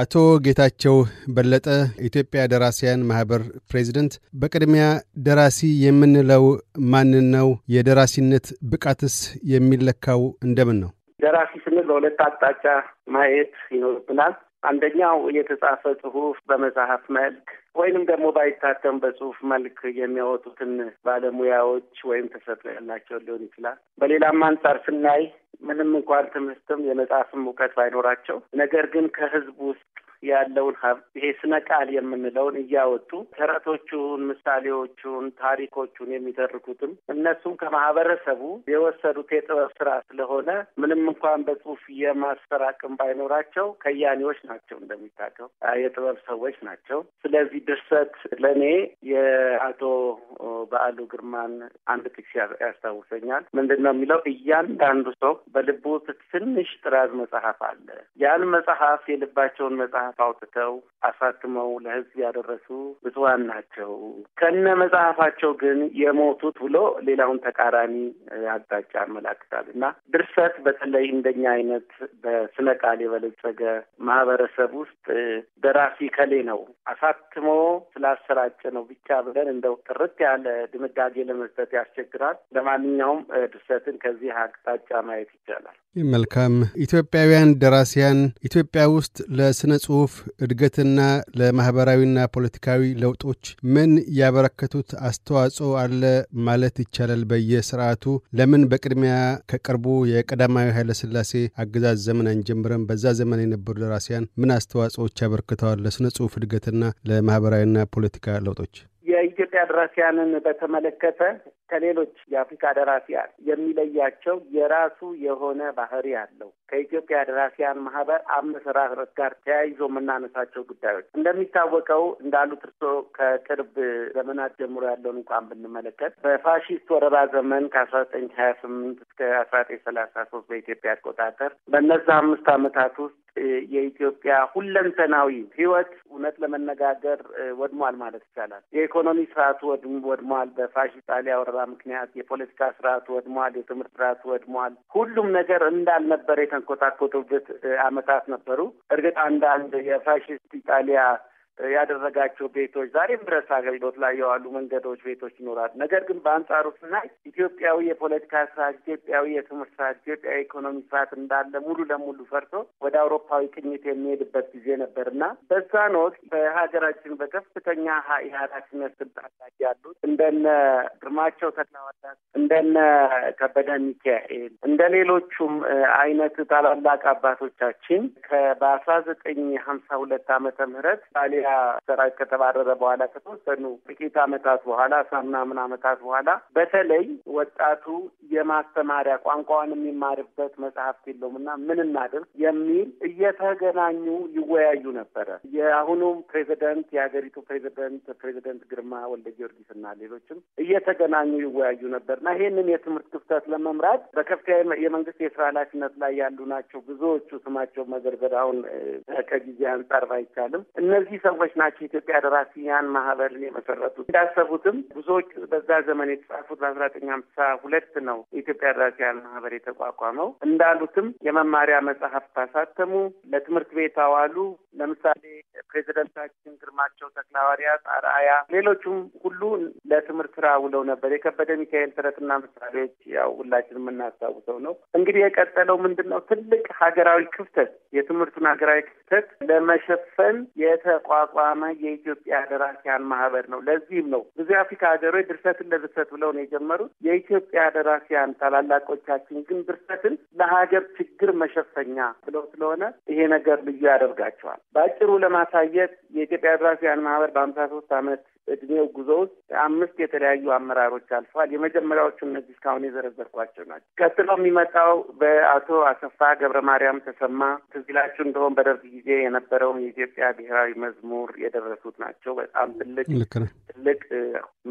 አቶ ጌታቸው በለጠ የኢትዮጵያ ደራሲያን ማህበር ፕሬዚደንት፣ በቅድሚያ ደራሲ የምንለው ማንን ነው? የደራሲነት ብቃትስ የሚለካው እንደምን ነው? ደራሲ ስንል በሁለት አቅጣጫ ማየት ይኖርብናል። አንደኛው የተጻፈ ጽሁፍ በመጽሐፍ መልክ ወይንም ደግሞ ባይታተም በጽሁፍ መልክ የሚያወጡትን ባለሙያዎች ወይም ተሰጥኦ ያላቸው ሊሆን ይችላል። በሌላም አንጻር ስናይ ምንም እንኳን ትምህርትም የመጽሐፍም እውቀት ባይኖራቸው ነገር ግን ከህዝብ ውስጥ ያለውን ሀብት ይሄ ስነ ቃል የምንለውን እያወጡ ተረቶቹን፣ ምሳሌዎቹን፣ ታሪኮቹን የሚተርኩትም እነሱም ከማህበረሰቡ የወሰዱት የጥበብ ስራ ስለሆነ ምንም እንኳን በጽሁፍ የማስፈር አቅም ባይኖራቸው ከያኔዎች ናቸው፣ እንደሚታቀው የጥበብ ሰዎች ናቸው። ስለዚህ ድርሰት ለእኔ የአቶ በዓሉ ግርማን አንድ ጥቅስ ያስታውሰኛል። ምንድን ነው የሚለው? እያንዳንዱ ሰው በልቡ ትንሽ ጥራዝ መጽሐፍ አለ። ያን መጽሐፍ የልባቸውን መጽሐፍ መጽሐፍ አውጥተው አሳትመው ለህዝብ ያደረሱ ብፁዓን ናቸው። ከነ መጽሐፋቸው ግን የሞቱት ብሎ ሌላውን ተቃራኒ አቅጣጫ አመላክታል እና ድርሰት በተለይ እንደኛ አይነት በስነ ቃል የበለጸገ ማህበረሰብ ውስጥ ደራሲ ከሌ ነው አሳትሞ ስላሰራጨ ነው ብቻ ብለን እንደው ጥርት ያለ ድምዳጌ ለመስጠት ያስቸግራል። ለማንኛውም ድርሰትን ከዚህ አቅጣጫ ማየት ይቻላል። መልካም ኢትዮጵያውያን ደራሲያን ኢትዮጵያ ውስጥ ለስነ ጽሁፍ ጽሑፍ እድገትና ለማኅበራዊና ፖለቲካዊ ለውጦች ምን ያበረከቱት አስተዋጽኦ አለ ማለት ይቻላል? በየስርዓቱ ለምን በቅድሚያ ከቅርቡ የቀዳማዊ ሥላሴ አገዛዝ ዘመን አንጀምረም? በዛ ዘመን የነበሩ ደራሲያን ምን አስተዋጽኦዎች ያበርክተዋል ለሥነ ጽሑፍ እድገትና ለማኅበራዊና ፖለቲካ ለውጦች? የኢትዮጵያ ደራሲያንን በተመለከተ ከሌሎች የአፍሪካ ደራሲያን የሚለያቸው የራሱ የሆነ ባህሪ አለው። ከኢትዮጵያ ደራሲያን ማህበር አመሰራረት ጋር ተያይዞ የምናነሳቸው ጉዳዮች እንደሚታወቀው እንዳሉት እርሶ ከቅርብ ዘመናት ጀምሮ ያለውን እንኳን ብንመለከት በፋሺስት ወረራ ዘመን ከአስራ ዘጠኝ ሀያ ስምንት እስከ አስራ ዘጠኝ ሰላሳ ሶስት በኢትዮጵያ አቆጣጠር በእነዛ አምስት ዓመታት ውስጥ የኢትዮጵያ ሁለንተናዊ ህይወት እውነት ለመነጋገር ወድሟል ማለት ይቻላል። የኢኮኖሚ ስርዓቱ ወድሟል፣ በፋሽ ጣሊያ ወረራ ምክንያት የፖለቲካ ስርዓቱ ወድሟል፣ የትምህርት ስርዓቱ ወድሟል። ሁሉም ነገር እንዳልነበር የተንኮታኮቱበት አመታት ነበሩ። እርግጥ አንዳንድ የፋሽስት ኢጣሊያ ያደረጋቸው ቤቶች ዛሬም ድረስ አገልግሎት ላይ የዋሉ መንገዶች፣ ቤቶች ይኖራሉ። ነገር ግን በአንጻሩ ስናይ ኢትዮጵያዊ የፖለቲካ ስርዓት፣ ኢትዮጵያዊ የትምህርት ስርዓት፣ ኢትዮጵያዊ የኢኮኖሚ ስርዓት እንዳለ ሙሉ ለሙሉ ፈርሶ ወደ አውሮፓዊ ቅኝት የሚሄድበት ጊዜ ነበር እና በዛን ወቅት በሀገራችን በከፍተኛ የኃላፊነት ስልጣን ላይ ያሉት እንደነ ግርማቸው ተክለሃዋርያት እንደነ ከበደ ሚካኤል እንደ ሌሎቹም አይነት ታላላቅ አባቶቻችን በአስራ ዘጠኝ ሀምሳ ሁለት አመተ ምህረት ባሌ የኢትዮጵያ ሰራዊት ከተባረረ በኋላ ከተወሰኑ ጥቂት አመታት በኋላ ሳምና ምን አመታት በኋላ በተለይ ወጣቱ የማስተማሪያ ቋንቋውን የሚማርበት መጽሐፍት የለውም እና ምን እናድርግ የሚል እየተገናኙ ይወያዩ ነበረ። የአሁኑም ፕሬዚደንት የሀገሪቱ ፕሬዚደንት ፕሬዚደንት ግርማ ወልደ ጊዮርጊስ እና ሌሎችም እየተገናኙ ይወያዩ ነበር እና ይህንን የትምህርት ክፍተት ለመምራት በከፍተኛ የመንግስት የስራ ኃላፊነት ላይ ያሉ ናቸው ብዙዎቹ ስማቸው መዘርዘር አሁን ከጊዜ አንጻር ባይቻልም እነዚህ ሰው ሰዎች ናቸው የኢትዮጵያ ደራሲያን ማህበርን የመሰረቱት። እንዳሰቡትም ብዙዎች በዛ ዘመን የተጻፉት በአስራ ዘጠኝ ሀምሳ ሁለት ነው የኢትዮጵያ ደራሲያን ማህበር የተቋቋመው። እንዳሉትም የመማሪያ መጽሐፍ ታሳተሙ፣ ለትምህርት ቤት አዋሉ። ለምሳሌ ፕሬዚደንታችን ግርማቸው ተክለሐዋርያት አርአያ፣ ሌሎቹም ሁሉ ለትምህርት ስራ ውለው ነበር። የከበደ ሚካኤል ተረትና ምሳሌዎች ያው ሁላችን የምናስታውሰው ነው። እንግዲህ የቀጠለው ምንድን ነው? ትልቅ ሀገራዊ ክፍተት፣ የትምህርቱን ሀገራዊ ክፍተት ለመሸፈን የተቋቋመ የኢትዮጵያ ደራሲያን ማህበር ነው። ለዚህም ነው ብዙ የአፍሪካ ሀገሮች ድርሰትን ለድርሰት ብለው ነው የጀመሩት። የኢትዮጵያ ደራሲያን ታላላቆቻችን ግን ድርሰትን ለሀገር ችግር መሸፈኛ ብለው ስለሆነ ይሄ ነገር ልዩ ያደርጋቸዋል። በአጭሩ ለማ ማሳየት የኢትዮጵያ ኤርትራውያን ማህበር በአምሳ ሶስት ዓመት እድሜው ጉዞ ውስጥ አምስት የተለያዩ አመራሮች አልፈዋል። የመጀመሪያዎቹ እነዚህ እስካሁን የዘረዘርኳቸው ናቸው። ቀጥሎ የሚመጣው በአቶ አሰፋ ገብረ ማርያም ተሰማ ትዝ ይላችሁ እንደሆን በደርግ ጊዜ የነበረውን የኢትዮጵያ ብሔራዊ መዝሙር የደረሱት ናቸው። በጣም ትልቅ ትልቅ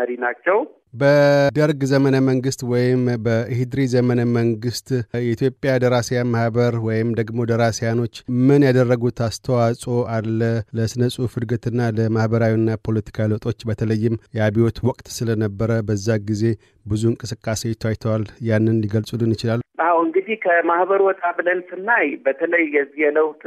መሪ ናቸው። በደርግ ዘመነ መንግስት ወይም በሂድሪ ዘመነ መንግስት የኢትዮጵያ ደራሲያን ማህበር ወይም ደግሞ ደራሲያኖች ምን ያደረጉት አስተዋጽኦ አለ ለስነ ጽሁፍ እድገትና ለማህበራዊና ፖለቲካ ለውጦች? በተለይም የአብዮት ወቅት ስለነበረ በዛ ጊዜ ብዙ እንቅስቃሴ ታይተዋል። ያንን ሊገልጹልን ይችላሉ? አዎ እንግዲህ ከማህበር ወጣ ብለን ስናይ በተለይ የዚህ የለውጥ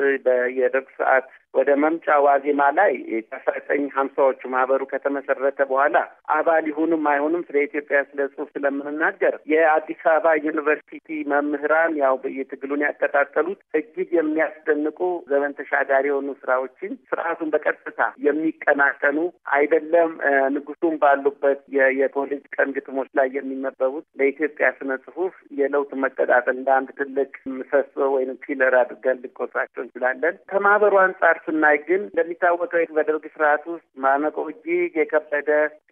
የደርግ ሰዓት ወደ መምጫ ዋዜማ ላይ ከአስራ ዘጠኝ ሀምሳዎቹ ማህበሩ ከተመሰረተ በኋላ አባል ይሁንም አይሁንም ስለ ኢትዮጵያ ስለ ጽሁፍ ስለምንናገር የአዲስ አበባ ዩኒቨርሲቲ መምህራን ያው የትግሉን ያቀጣጠሉት እጅግ የሚያስደንቁ ዘመን ተሻጋሪ የሆኑ ስራዎችን ስርዓቱን በቀጥታ የሚቀናቀኑ አይደለም ንጉሱም ባሉበት የኮሌጅ ቀን ግጥሞች ላይ የሚመበቡት ለኢትዮጵያ ስነ ጽሁፍ የለውጥ መቀጣጠል እንደ አንድ ትልቅ ምሰሶ ወይም ፒለር አድርገን ልንቆጥራቸው እንችላለን። ከማህበሩ አንጻር ስናይ ግን እንደሚታወቀው በደርግ ስርዓት ውስጥ ማነቆ እጅግ የከበደ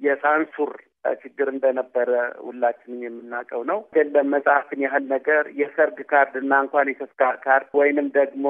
የሳንሱር ችግር እንደነበረ ሁላችንም የምናውቀው ነው። የለም መጽሐፍን ያህል ነገር የሰርግ ካርድ እና እንኳን የተስካ ካርድ ወይንም ደግሞ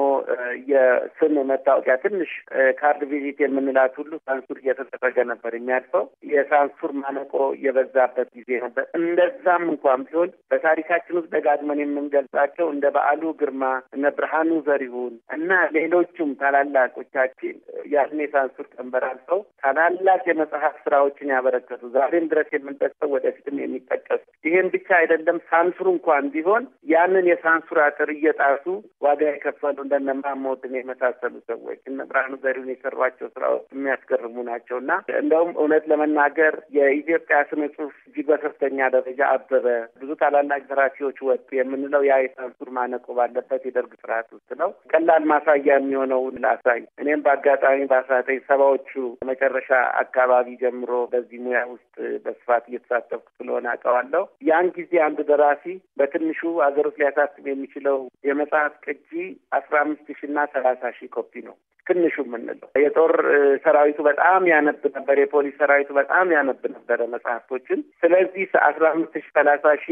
የስም መታወቂያ ትንሽ ካርድ ቪዚት የምንላት ሁሉ ሳንሱር እየተደረገ ነበር የሚያልፈው። የሳንሱር ማነቆ የበዛበት ጊዜ ነበር። እንደዛም እንኳን ቢሆን በታሪካችን ውስጥ ደጋግመን የምንገልጻቸው እንደ በዓሉ ግርማ፣ እነ ብርሃኑ ዘሪሁን እና ሌሎቹም ታላላቆቻችን ያኔ ሳንሱር ቀንበር አልፈው ታላላቅ የመጽሐፍ ስራዎችን ያበረከቱ ዛሬም ድረስ በዋናነት የምንጠቅሰው ወደፊትም የሚጠቀስ ይህም ብቻ አይደለም። ሳንሱር እንኳን ቢሆን ያንን የሳንሱር አጥር እየጣሱ ዋጋ የከፈሉ እንደነ ማሞድን የመሳሰሉ ሰዎች እነ ብርሃኑ ዘሪሁን የሰሯቸው ስራዎች የሚያስገርሙ ናቸው እና እንደውም እውነት ለመናገር የኢትዮጵያ ስነ ጽሁፍ እጅግ በከፍተኛ ደረጃ አበበ፣ ብዙ ታላላቅ ዘራፊዎች ወጡ የምንለው ያ የሳንሱር ማነቆ ባለበት የደርግ ስርዓት ውስጥ ነው። ቀላል ማሳያ የሚሆነውን ላሳይ። እኔም በአጋጣሚ በአስራ ዘጠኝ ሰባዎቹ መጨረሻ አካባቢ ጀምሮ በዚህ ሙያ ውስጥ በስፋት እየተሳተፍኩ ስለሆነ አውቀዋለሁ። ያን ጊዜ አንድ ደራሲ በትንሹ አገር ውስጥ ሊያሳትም የሚችለው የመጽሐፍ ቅጂ አስራ አምስት ሺ እና ሰላሳ ሺህ ኮፒ ነው። ትንሹ የምንለው የጦር ሰራዊቱ በጣም ያነብ ነበር። የፖሊስ ሰራዊቱ በጣም ያነብ ነበረ መጽሐፍቶችን። ስለዚህ አስራ አምስት ሺ ሰላሳ ሺ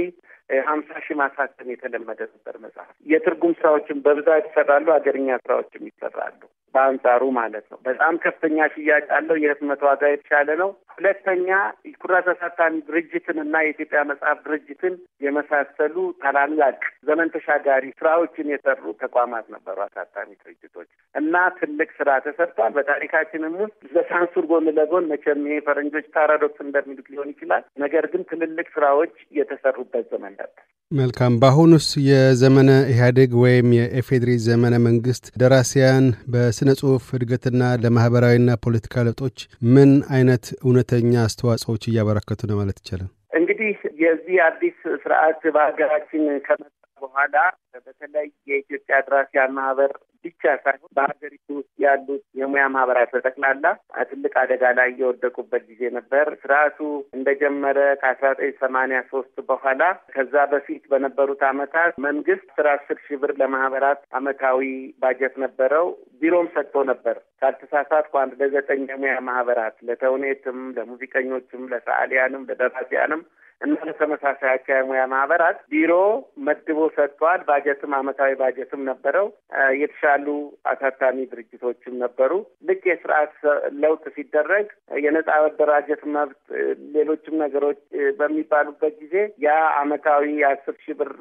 ሀምሳ ሺ ማሳተም የተለመደ ነበር መጽሐፍ። የትርጉም ስራዎችን በብዛት ይሰራሉ። ሀገርኛ ስራዎችም ይሰራሉ። በአንጻሩ ማለት ነው። በጣም ከፍተኛ ሽያጭ አለው። የህትመት ዋጋ የተሻለ ነው። ሁለተኛ ኩራዝ አሳታሚ ድርጅትን እና የኢትዮጵያ መጽሐፍ ድርጅትን የመሳሰሉ ታላላቅ ዘመን ተሻጋሪ ስራዎችን የሰሩ ተቋማት ነበሩ አሳታሚ ድርጅቶች እና ትልቅ ትልቅ ስራ ተሰርቷል። በታሪካችንም ውስጥ ለሳንሱር ጎን ለጎን መቼም ይሄ ፈረንጆች ፓራዶክስ እንደሚሉት ሊሆን ይችላል። ነገር ግን ትልልቅ ስራዎች የተሰሩበት ዘመን ነበር። መልካም። በአሁኑስ የዘመነ ኢህአዴግ ወይም የኤፌድሪ ዘመነ መንግስት ደራሲያን በስነ ጽሁፍ እድገትና ለማህበራዊና ፖለቲካ ለውጦች ምን አይነት እውነተኛ አስተዋጽኦዎች እያበረከቱ ነው ማለት ይቻላል? እንግዲህ የዚህ አዲስ ስርዓት በሀገራችን ከመ በኋላ በተለይ የኢትዮጵያ ደራሲያን ማህበር ብቻ ሳይሆን በሀገሪቱ ውስጥ ያሉት የሙያ ማህበራት በጠቅላላ ትልቅ አደጋ ላይ የወደቁበት ጊዜ ነበር። ስርዓቱ እንደጀመረ ከአስራ ዘጠኝ ሰማንያ ሶስት በኋላ ከዛ በፊት በነበሩት አመታት መንግስት አስር አስር ሺህ ብር ለማህበራት አመታዊ ባጀት ነበረው። ቢሮም ሰጥቶ ነበር። ካልተሳሳትኩ አንድ ለዘጠኝ የሙያ ማህበራት ለተውኔትም፣ ለሙዚቀኞችም፣ ለሰዓሊያንም፣ ለደራሲያንም እና ለተመሳሳይ አካባቢ ሙያ ማህበራት ቢሮ መድቦ ሰጥቷል። ባጀትም አመታዊ ባጀትም ነበረው። የተሻሉ አሳታሚ ድርጅቶችም ነበሩ። ልክ የስርዓት ለውጥ ሲደረግ የነጻ መደራጀት መብት፣ ሌሎችም ነገሮች በሚባሉበት ጊዜ ያ አመታዊ አስር ሺህ ብር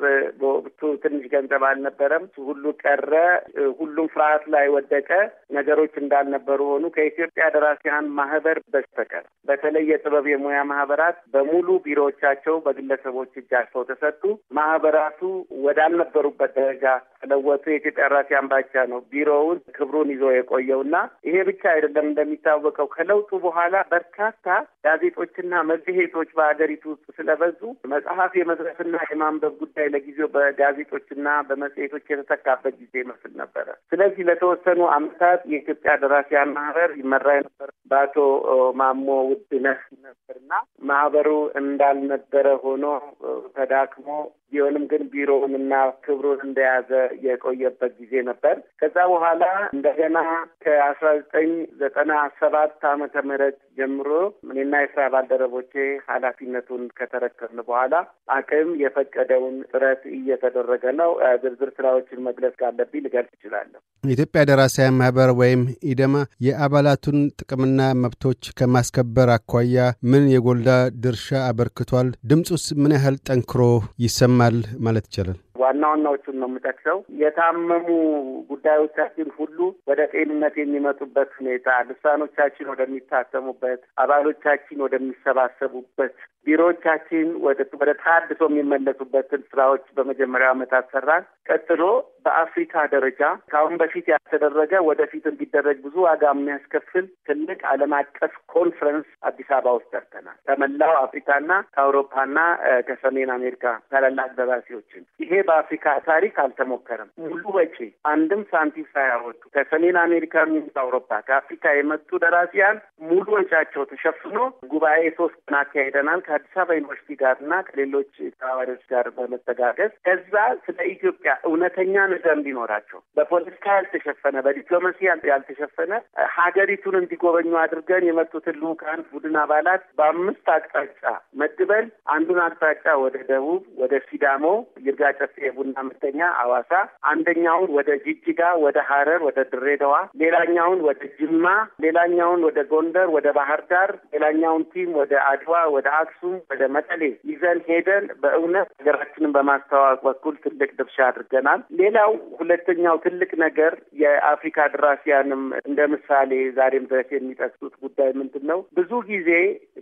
በወቅቱ ትንሽ ገንዘብ አልነበረም። ሁሉ ቀረ። ሁሉም ፍርሃት ላይ ወደቀ። ነገሮች እንዳልነበሩ ሆኑ። ከኢትዮጵያ ደራሲያን ማህበር በስተቀር በተለይ የጥበብ የሙያ ማህበራት በሙሉ ቢሮዎች ሀብቶቻቸው በግለሰቦች እጃቸው ተሰጡ። ማህበራቱ ወዳልነበሩበት ደረጃ ለወጡ። የኢትዮጵያ ራሴ አምባቻ ነው ቢሮውን ክብሩን ይዞ የቆየው እና ይሄ ብቻ አይደለም። እንደሚታወቀው ከለውጡ በኋላ በርካታ ጋዜጦችና መጽሔቶች በሀገሪቱ ውስጥ ስለበዙ መጽሐፍ የመዝረፍና የማንበብ ጉዳይ ለጊዜው በጋዜጦችና በመጽሔቶች የተተካበት ጊዜ ይመስል ነበረ። ስለዚህ ለተወሰኑ አመታት የኢትዮጵያ ደራሲያን ማህበር ይመራ የነበር በአቶ ማሞ ውድነህ ነበርና ማህበሩ እንዳልነ ነበረ ሆኖ ተዳክሞ ቢሆንም ግን ቢሮውንና ክብሩን እንደያዘ የቆየበት ጊዜ ነበር። ከዛ በኋላ እንደገና ከአስራ ዘጠኝ ዘጠና ሰባት ዓመተ ምህረት ጀምሮ እኔና የስራ ባልደረቦቼ ኃላፊነቱን ከተረከብን በኋላ አቅም የፈቀደውን ጥረት እየተደረገ ነው። ዝርዝር ስራዎችን መግለጽ ካለብኝ ልገልጽ እችላለሁ። የኢትዮጵያ ደራሲያን ማህበር ወይም ኢደማ የአባላቱን ጥቅምና መብቶች ከማስከበር አኳያ ምን የጎላ ድርሻ አበርክቷል? ድምፁስ ምን ያህል ጠንክሮ ይሰማል ማለት ይቻላል? ዋና ዋናዎቹን ነው የምጠቅሰው። የታመሙ ጉዳዮቻችን ሁሉ ወደ ጤንነት የሚመጡበት ሁኔታ፣ ልሳኖቻችን ወደሚታተሙበት፣ አባሎቻችን ወደሚሰባሰቡበት፣ ቢሮዎቻችን ወደ ታድሶ የሚመለሱበትን ስራዎች በመጀመሪያው ዓመት አሰራን። ቀጥሎ በአፍሪካ ደረጃ ከአሁን በፊት ያልተደረገ ወደፊት እንዲደረግ ብዙ ዋጋ የሚያስከፍል ትልቅ ዓለም አቀፍ ኮንፈረንስ አዲስ አበባ ውስጥ ጠርተናል። ከመላው አፍሪካና ከአውሮፓና ከሰሜን አሜሪካ ታላላቅ ደራሲዎችን ይሄ በአፍሪካ ታሪክ አልተሞከረም። ሙሉ ወጪ አንድም ሳንቲም ሳያወጡ ከሰሜን አሜሪካ የሚመጡ አውሮፓ፣ ከአፍሪካ የመጡ ደራሲያን ሙሉ ወጪያቸው ተሸፍኖ ጉባኤ ሶስት ቀን አካሂደናል ከአዲስ አበባ ዩኒቨርሲቲ ጋር እና ከሌሎች ተባባሪዎች ጋር በመተጋገዝ ከዛ ስለ ኢትዮጵያ እውነተኛ ነገር እንዲኖራቸው በፖለቲካ ያልተሸፈነ በዲፕሎማሲ ያልተሸፈነ ሀገሪቱን እንዲጎበኙ አድርገን የመጡትን ልዑካን ቡድን አባላት በአምስት አቅጣጫ መድበን አንዱን አቅጣጫ ወደ ደቡብ ወደ ሲዳሞ ይርጋጨ ሁለት የቡና ምርተኛ አዋሳ፣ አንደኛውን ወደ ጅጅጋ፣ ወደ ሀረር፣ ወደ ድሬዳዋ፣ ሌላኛውን ወደ ጅማ፣ ሌላኛውን ወደ ጎንደር፣ ወደ ባህር ዳር፣ ሌላኛውን ቲም ወደ አድዋ፣ ወደ አክሱም፣ ወደ መቀሌ ይዘን ሄደን በእውነት ሀገራችንን በማስተዋወቅ በኩል ትልቅ ድርሻ አድርገናል። ሌላው ሁለተኛው ትልቅ ነገር የአፍሪካ ደራሲያንም እንደ ምሳሌ ዛሬም ድረስ የሚጠቅሱት ጉዳይ ምንድን ነው? ብዙ ጊዜ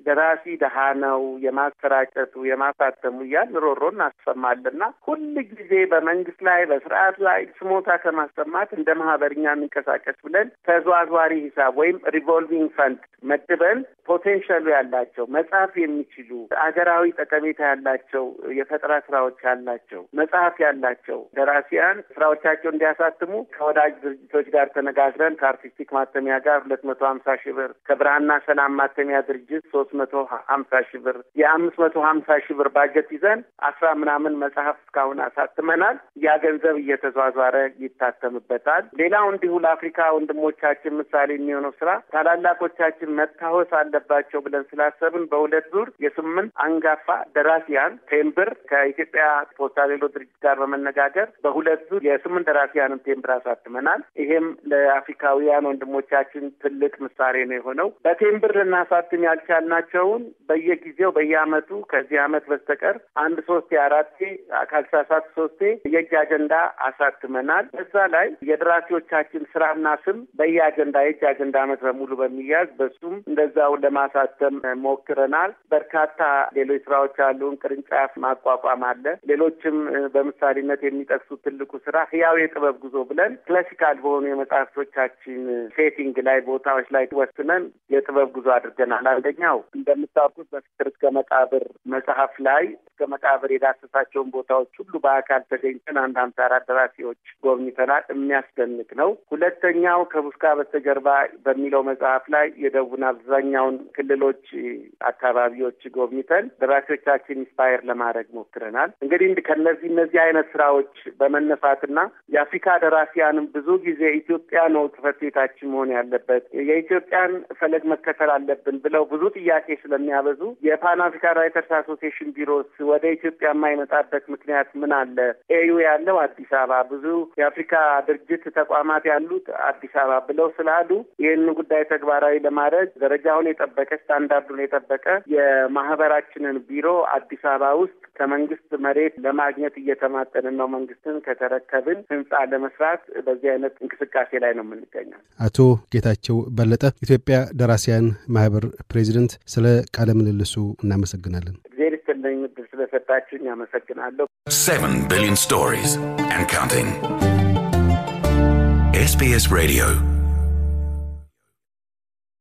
ደራሲ ደሃ ነው የማሰራጨቱ የማሳተሙ እያል ሮሮ እናሰማለና ሁሉ ጊዜ በመንግስት ላይ በስርዓት ላይ ስሞታ ከማሰማት እንደ ማህበርኛ የሚንቀሳቀስ ብለን ተዘዋዝዋሪ ሂሳብ ወይም ሪቮልቪንግ ፈንድ መድበን ፖቴንሻሉ ያላቸው መጽሐፍ የሚችሉ አገራዊ ጠቀሜታ ያላቸው የፈጠራ ስራዎች ያላቸው መጽሐፍ ያላቸው ደራሲያን ስራዎቻቸው እንዲያሳትሙ ከወዳጅ ድርጅቶች ጋር ተነጋግረን ከአርቲስቲክ ማተሚያ ጋር ሁለት መቶ ሀምሳ ሺህ ብር ከብርሃንና ሰላም ማተሚያ ድርጅት ሶስት መቶ ሀምሳ ሺህ ብር የአምስት መቶ ሀምሳ ሺህ ብር ባጀት ይዘን አስራ ምናምን መጽሐፍ እስካሁን አሳትመናል። ያ ገንዘብ እየተዟዟረ ይታተምበታል። ሌላው እንዲሁ ለአፍሪካ ወንድሞቻችን ምሳሌ የሚሆነው ስራ ታላላቆቻችን መታወስ አለባቸው ብለን ስላሰብን በሁለት ዙር የስምንት አንጋፋ ደራሲያን ቴምብር ከኢትዮጵያ ፖስታ አገልግሎት ድርጅት ጋር በመነጋገር በሁለት ዙር የስምንት ደራሲያንም ቴምብር አሳትመናል። ይሄም ለአፍሪካውያን ወንድሞቻችን ትልቅ ምሳሌ ነው የሆነው። በቴምብር ልናሳትም ያልቻልናቸውን በየጊዜው በየአመቱ ከዚህ አመት በስተቀር አንድ ሶስት የአራት ካልሳሳ ሰባት ሶስቴ የእጅ አጀንዳ አሳትመናል። እዛ ላይ የደራሲዎቻችን ስራና ስም በየአጀንዳ የእጅ አጀንዳ አመት በሙሉ በሚያዝ በሱም እንደዛው ለማሳተም ሞክረናል። በርካታ ሌሎች ስራዎች አሉን። ቅርንጫፍ ማቋቋም አለ። ሌሎችም በምሳሌነት የሚጠቅሱ ትልቁ ስራ ህያው የጥበብ ጉዞ ብለን ክላሲካል በሆኑ የመጽሐፍቶቻችን ሴቲንግ ላይ ቦታዎች ላይ ወስነን የጥበብ ጉዞ አድርገናል። አንደኛው እንደምታውቁት በፍቅር እስከ መቃብር መጽሐፍ ላይ እስከ መቃብር የዳሰሳቸውን ቦታዎች ሁሉ በአካል ተገኝተን አንድ አምሳ አራት ጎብኝተናል። የሚያስደንቅ ነው። ሁለተኛው ከቡስካ በስተጀርባ በሚለው መጽሐፍ ላይ የደቡብን አብዛኛውን ክልሎች፣ አካባቢዎች ጎብኝተን ደራሲዎቻችን ኢንስፓየር ለማድረግ ሞክረናል። እንግዲህ ከነዚህ እነዚህ አይነት ስራዎች በመነሳትና የአፍሪካ ደራሲያንም ብዙ ጊዜ ኢትዮጵያ ነው ጽሕፈት ቤታችን መሆን ያለበት የኢትዮጵያን ፈለግ መከተል አለብን ብለው ብዙ ጥያቄ ስለሚያበዙ የፓን አፍሪካ ራይተርስ አሶሲሽን ቢሮስ ወደ ኢትዮጵያ የማይመጣበት ምክንያት ምን አለ። ኤዩ ያለው አዲስ አበባ፣ ብዙ የአፍሪካ ድርጅት ተቋማት ያሉት አዲስ አበባ ብለው ስላሉ ይህን ጉዳይ ተግባራዊ ለማድረግ ደረጃውን የጠበቀ ስታንዳርዱን የጠበቀ የማህበራችንን ቢሮ አዲስ አበባ ውስጥ ከመንግስት መሬት ለማግኘት እየተማጠንን ነው። መንግስትን ከተረከብን ህንፃ ለመስራት በዚህ አይነት እንቅስቃሴ ላይ ነው የምንገኘው። አቶ ጌታቸው በለጠ፣ ኢትዮጵያ ደራሲያን ማህበር ፕሬዚደንት፣ ስለ ቃለ ምልልሱ እናመሰግናለን። ስለሰጠልኝ እድል ስለሰጣችሁኝ አመሰግናለሁ። ሰቨን ቢሊዮን ስቶሪስ ኤንድ ካውንቲንግ ኤስቢኤስ ሬዲዮ